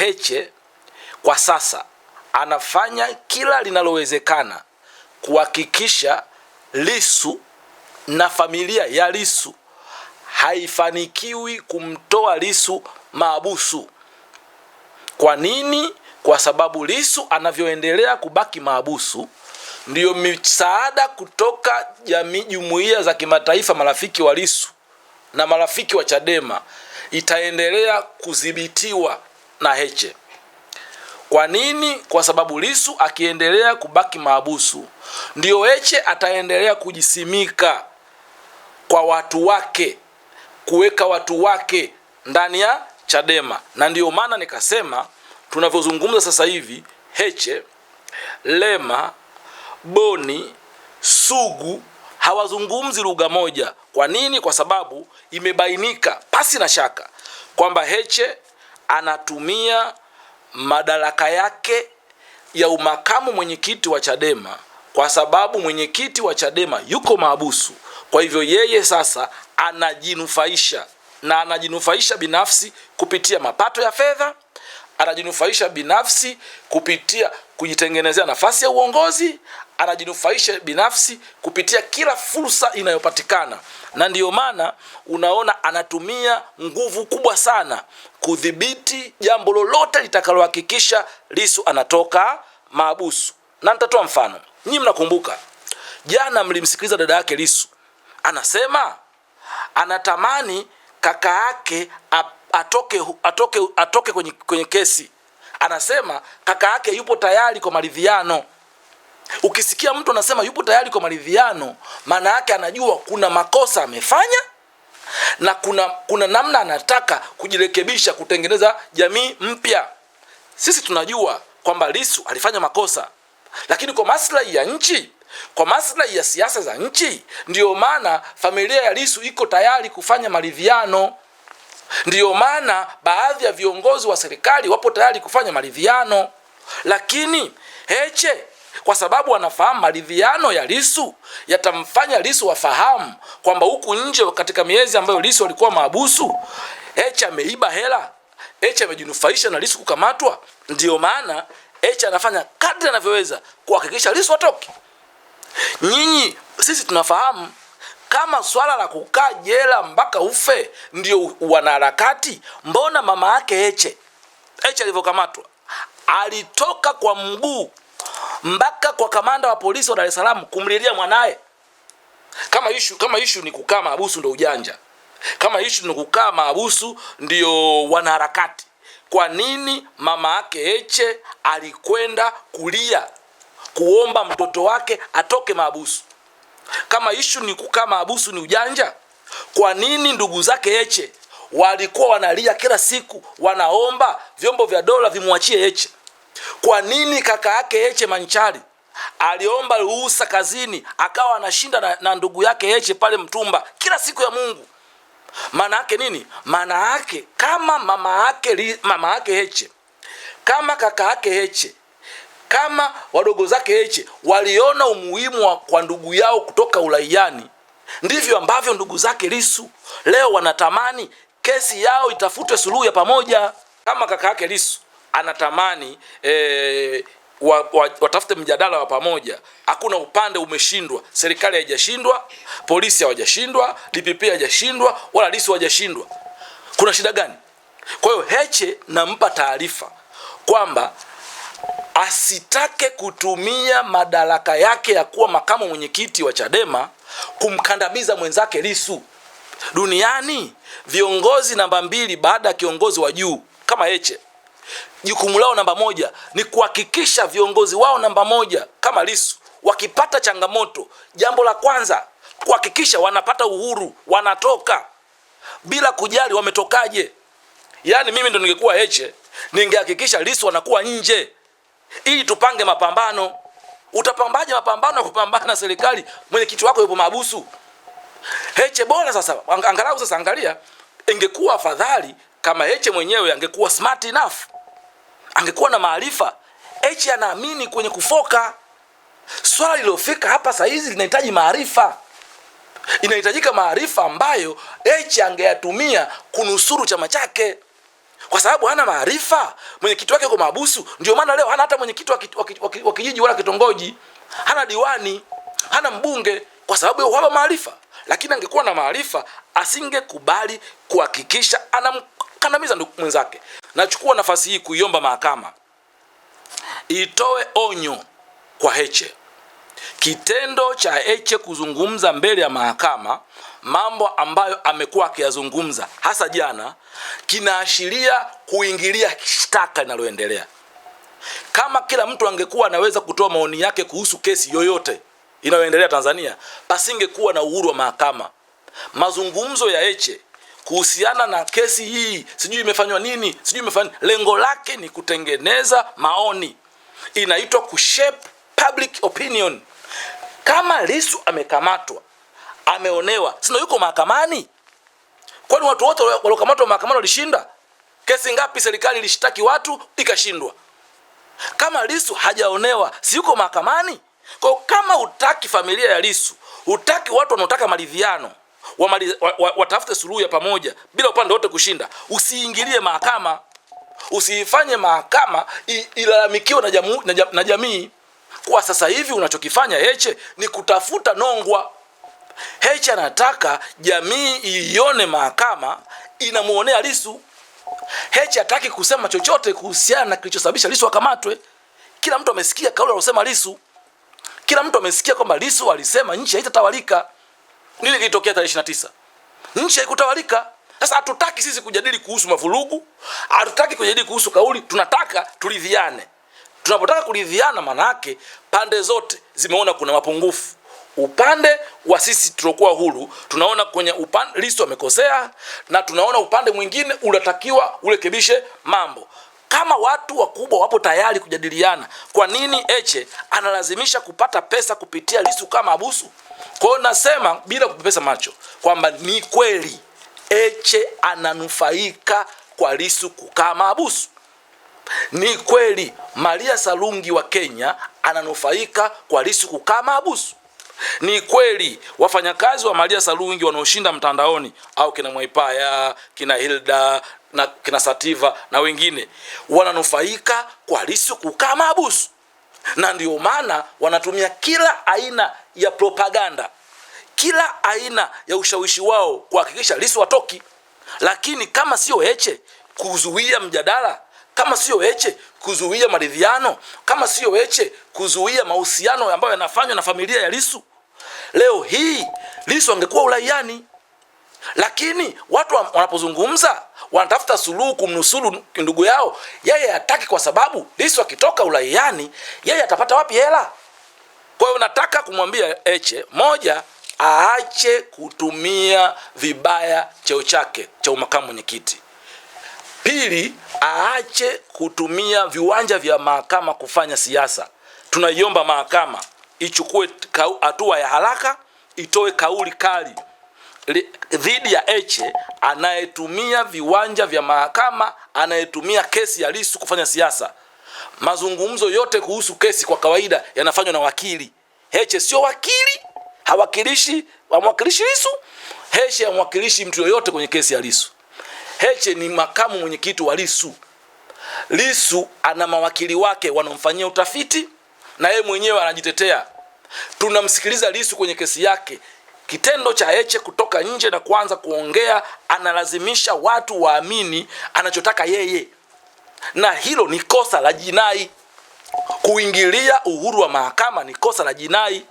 Heche kwa sasa anafanya kila linalowezekana kuhakikisha lisu na familia ya lisu haifanikiwi kumtoa lisu maabusu. Kwa nini? Kwa sababu lisu anavyoendelea kubaki maabusu ndiyo misaada kutoka jamii, jumuiya za kimataifa, marafiki wa lisu na marafiki wa Chadema itaendelea kudhibitiwa na Heche. Kwa nini? Kwa sababu Lisu akiendelea kubaki maabusu, ndio Heche ataendelea kujisimika kwa watu wake, kuweka watu wake ndani ya Chadema, na ndiyo maana nikasema tunavyozungumza sasa hivi Heche, Lema, Boni, Sugu hawazungumzi lugha moja. Kwa nini? Kwa sababu imebainika pasi na shaka kwamba Heche anatumia madaraka yake ya umakamu mwenyekiti wa Chadema kwa sababu mwenyekiti wa Chadema yuko maabusu. Kwa hivyo yeye sasa anajinufaisha na anajinufaisha binafsi kupitia mapato ya fedha, anajinufaisha binafsi kupitia kujitengenezea nafasi ya uongozi, anajinufaisha binafsi kupitia kila fursa inayopatikana, na ndiyo maana unaona anatumia nguvu kubwa sana kudhibiti jambo lolote litakalohakikisha Lissu anatoka maabusu. Na nitatoa mfano, nyinyi mnakumbuka jana mlimsikiliza dada yake Lissu anasema anatamani kaka yake atoke, atoke, atoke kwenye, kwenye kesi. Anasema kaka yake yupo tayari kwa maridhiano. Ukisikia mtu anasema yupo tayari kwa maridhiano, maana yake anajua kuna makosa amefanya na kuna, kuna namna anataka kujirekebisha, kutengeneza jamii mpya. Sisi tunajua kwamba Lissu alifanya makosa, lakini kwa maslahi ya nchi, kwa maslahi ya siasa za nchi, ndiyo maana familia ya Lissu iko tayari kufanya maridhiano. Ndiyo maana baadhi ya viongozi wa serikali wapo tayari kufanya maridhiano, lakini Heche kwa sababu wanafahamu maridhiano ya Lisu yatamfanya Lisu wafahamu kwamba huku nje katika miezi ambayo Lisu alikuwa maabusu, Heche ameiba hela, Heche amejinufaisha na Lisu kukamatwa. Ndiyo maana Heche anafanya kadri anavyoweza kuhakikisha Lisu atoke. Nyinyi sisi tunafahamu kama swala la kukaa jela mpaka ufe ndio wanaharakati, mbona mama yake Heche Heche alivyokamatwa alitoka kwa mguu mpaka kwa kamanda wa polisi wa Dar es Salaam kumlilia mwanaye. Kama ishu kama ishu ni kukaa mahabusu ndio ujanja, kama ishu ni kukaa mahabusu ndio wanaharakati, kwa nini mama yake Heche alikwenda kulia kuomba mtoto wake atoke mahabusu? Kama ishu ni kukaa mahabusu ni ujanja, kwa nini ndugu zake Heche walikuwa wanalia kila siku, wanaomba vyombo vya dola vimwachie Heche? Kwa nini kaka yake Heche Manchari aliomba ruhusa kazini akawa anashinda na, na ndugu yake Heche pale Mtumba kila siku ya Mungu? Maana yake nini? Maana yake kama mama yake mama yake Heche kama kaka yake Heche kama wadogo zake Heche waliona umuhimu kwa ndugu yao kutoka uraiani, ndivyo ambavyo ndugu zake Lisu leo wanatamani kesi yao itafutwe suluhu ya pamoja, kama kaka yake Lisu anatamani e, eh, watafute wa, watafute mjadala wa pamoja. Hakuna upande umeshindwa. Serikali haijashindwa, polisi hawajashindwa, DPP hawajashindwa, wala Lissu hawajashindwa. Kuna shida gani? Kwa hiyo Heche nampa taarifa kwamba asitake kutumia madaraka yake ya kuwa makamu mwenyekiti wa Chadema kumkandamiza mwenzake Lissu. Duniani viongozi namba mbili baada ya kiongozi wa juu kama Heche jukumu lao namba moja ni kuhakikisha viongozi wao namba moja kama Lissu wakipata changamoto, jambo la kwanza kuhakikisha wanapata uhuru, wanatoka bila kujali wametokaje. Yaani mimi ndo ningekuwa Heche, ningehakikisha Lissu wanakuwa nje ili tupange mapambano. Utapambaje mapambano ya kupambana na serikali mwenyekiti wako yupo mahabusu? Heche bora sasa, angalau sasa, angalia, ingekuwa afadhali kama Heche mwenyewe angekuwa smart enough, angekuwa na maarifa. Heche anaamini kwenye kufoka. Swala lililofika hapa saa hizi linahitaji maarifa, inahitajika maarifa ambayo Heche angeyatumia kunusuru chama chake, kwa sababu hana maarifa. Mwenyekiti wake uko mahabusu, ndio maana leo hana hata mwenyekiti wa kijiji wala kitongoji, hana diwani, hana mbunge, kwa sababu ya uhaba maarifa. Lakini angekuwa na maarifa asingekubali kuhakikisha anam kandamiza ndugu mwenzake. Nachukua nafasi hii kuiomba mahakama itoe onyo kwa Heche. Kitendo cha Heche kuzungumza mbele ya mahakama mambo ambayo amekuwa akiyazungumza hasa jana, kinaashiria kuingilia shtaka linaloendelea. Kama kila mtu angekuwa anaweza kutoa maoni yake kuhusu kesi yoyote inayoendelea Tanzania, pasingekuwa na uhuru wa mahakama. Mazungumzo ya Heche kuhusiana na kesi hii, sijui imefanywa nini, sijui imefanya. Lengo lake ni kutengeneza maoni, inaitwa kushape public opinion. Kama Lissu amekamatwa, ameonewa, sina yuko mahakamani, kwani watu wote waliokamatwa mahakamani walishinda? Kesi ngapi serikali ilishtaki watu ikashindwa? Kama Lissu hajaonewa, si yuko mahakamani? Kwa kama utaki familia ya Lissu, utaki watu wanaotaka maridhiano watafute suluhu ya pamoja bila upande wote kushinda. Usiingilie mahakama, usiifanye mahakama ilalamikiwe na, na, jam, na jamii. Kwa sasa hivi unachokifanya Heche ni kutafuta nongwa. Heche anataka jamii iione mahakama inamuonea Lisu. Heche hataki kusema chochote kuhusiana na kilichosababisha Lisu akamatwe. Kila mtu amesikia kauli aliyosema Lisu, kila mtu amesikia kwamba Lisu alisema nchi haitatawalika. Nini kilitokea tarehe 29? Nchi haikutawalika. Sasa hatutaki sisi kujadili kuhusu mavurugu, hatutaki kujadili kuhusu kauli, tunataka turidhiane. Tunapotaka kuridhiana, maana yake pande zote zimeona kuna mapungufu. Upande wa sisi tuliokuwa huru tunaona kwenye upande Lissu amekosea, na tunaona upande mwingine unatakiwa urekebishe mambo. Kama watu wakubwa wapo tayari kujadiliana, kwa nini Heche analazimisha kupata pesa kupitia Lissu kama abusu? Kwa nasema bila kupepesa macho kwamba ni kweli Heche ananufaika kwa Lissu kukaa mahabusu. Ni kweli Maria Sarungi wa Kenya ananufaika kwa Lissu kukaa mahabusu. Ni kweli wafanyakazi wa Maria Sarungi wanaoshinda mtandaoni au kina Mwaipaya, kina Hilda na kina Sativa na wengine wananufaika kwa Lissu kukaa mahabusu na ndio maana wanatumia kila aina ya propaganda, kila aina ya ushawishi wao kuhakikisha Lissu watoki, lakini kama sio eche kuzuia mjadala, kama sio eche kuzuia maridhiano, kama sio eche kuzuia mahusiano ambayo yanafanywa na familia ya Lissu, leo hii Lissu angekuwa ulaiani lakini watu wanapozungumza wanatafuta suluhu kumnusuru ndugu yao, yeye hataki, kwa sababu Lissu akitoka uraiani yeye atapata wapi hela? Kwa hiyo nataka kumwambia Heche, moja, aache kutumia vibaya cheo chake cha umakamu mwenyekiti. Pili, aache kutumia viwanja vya mahakama kufanya siasa. Tunaiomba mahakama ichukue hatua ya haraka, itoe kauli kali dhidi ya Heche anayetumia viwanja vya mahakama, anayetumia kesi ya Lissu kufanya siasa. Mazungumzo yote kuhusu kesi kwa kawaida yanafanywa na wakili. Heche sio wakili, hawakilishi hamwakilishi Lissu. Heche hamwakilishi mtu yoyote kwenye kesi ya Lissu. Heche ni makamu mwenyekiti wa Lissu. Lissu ana mawakili wake wanaomfanyia utafiti na yeye mwenyewe anajitetea. Tunamsikiliza Lissu kwenye kesi yake. Kitendo cha Heche kutoka nje na kuanza kuongea, analazimisha watu waamini anachotaka yeye, na hilo ni kosa la jinai. Kuingilia uhuru wa mahakama ni kosa la jinai.